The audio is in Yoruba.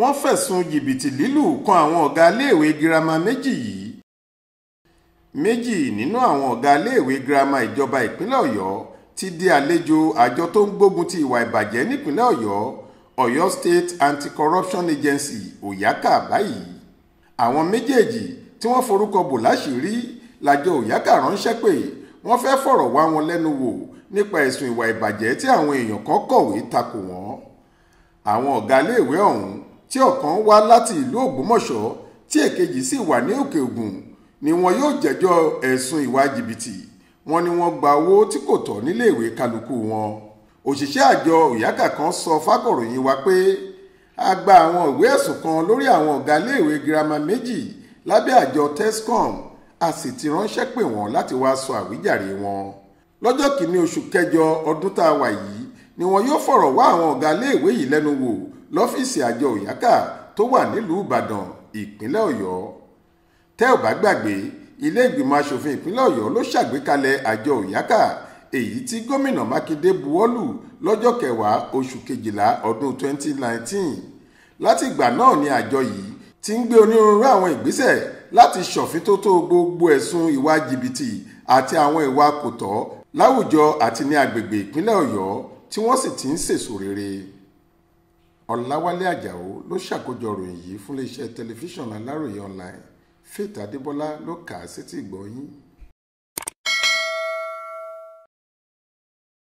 wọ́n fẹ̀sùn jìbìtì lílù kan àwọn ọ̀gá iléèwé girama méjì yìí méjì nínú àwọn ọ̀gá iléèwé girama ìjọba ìpínlẹ̀ ọ̀yọ́ ti di àlejò àjọ tó ń gbógun ti ìwà ìbàjẹ́ nípínlẹ̀ ọ̀yọ́ ọ̀yọ́ state anti-corruption agency òyàkà báyìí àwọn méjèèjì tí wọ́n forúkọ bò láṣìírí làjọ òyàkà ránṣẹ́ pé wọ́n fẹ́ fọ̀rọ̀ wá wọn lẹ́nu wò nípa ẹ̀sùn ìwà ìbàjẹ́ tí àwọn èèyàn kan kọ̀wé takò wọ́n àwọn ọ̀gá iléèwé ọ̀hún tí ọ̀kan wá láti ìlú Ògbómọ̀ṣọ́ tí èkejì sì wà ní Òkè Ògùn ni wọn yóò jẹ́jọ́ ẹ̀sùn ìwà jìbìtì wọn ni wọ́n gba owó tí kò tọ́ níléèwé kálukú wọn òṣìṣẹ́ àjọ òyàkà kan sọ fákọ̀ròyìn wa pé a gba àwọn ìwé ẹ̀sùn kan lórí àwọn ọ̀gá iléèwé girama méjì lábẹ́ àjọ tescom a sì ti ránṣẹ́ pè wọ́n láti wáá sọ àwíjàre wọn lọ́jọ́ kìíní oṣù kẹjọ ọdún tá a wà yìí ni wọn yóò fọ̀rọ̀ wá àwọn ọ̀gá iléèwé yìí lẹ́nu wò lọ́fíìsì àjọ òyákà tó wà nílùú ìbàdàn ìpínlẹ̀ ọ̀yọ́ tẹ́ ò bá gbàgbé ilé ìgbìmọ̀ asòfin ìpínlẹ̀ ọ̀yọ́ ló ṣàgbékalẹ̀ àjọ òyákà èyí tí gómìnà mákindé buwọ́lù lọ́jọ́ kẹwàá oṣù kejìlá ọdún 2019 látìgbà náà ni àjọ yìí ti ń gbé onírúurú àwọn ìgbésẹ̀ láti ṣọ̀fíntótó gbogbo ẹ̀sùn ìwà jìbìtì àti àwọn ìwà kòtọ́ láwùjọ àti ní agbègbè ìpínlẹ̀ ọ̀yọ́ tí wọ́n sì ti ń sèso rere ọ̀làwálé ajáò ló ṣàkójọ ròyìn yìí fún iléeṣẹ́ tẹlifíṣàn aláròye online faith adébọlá ló kà á sétí ìgbọ́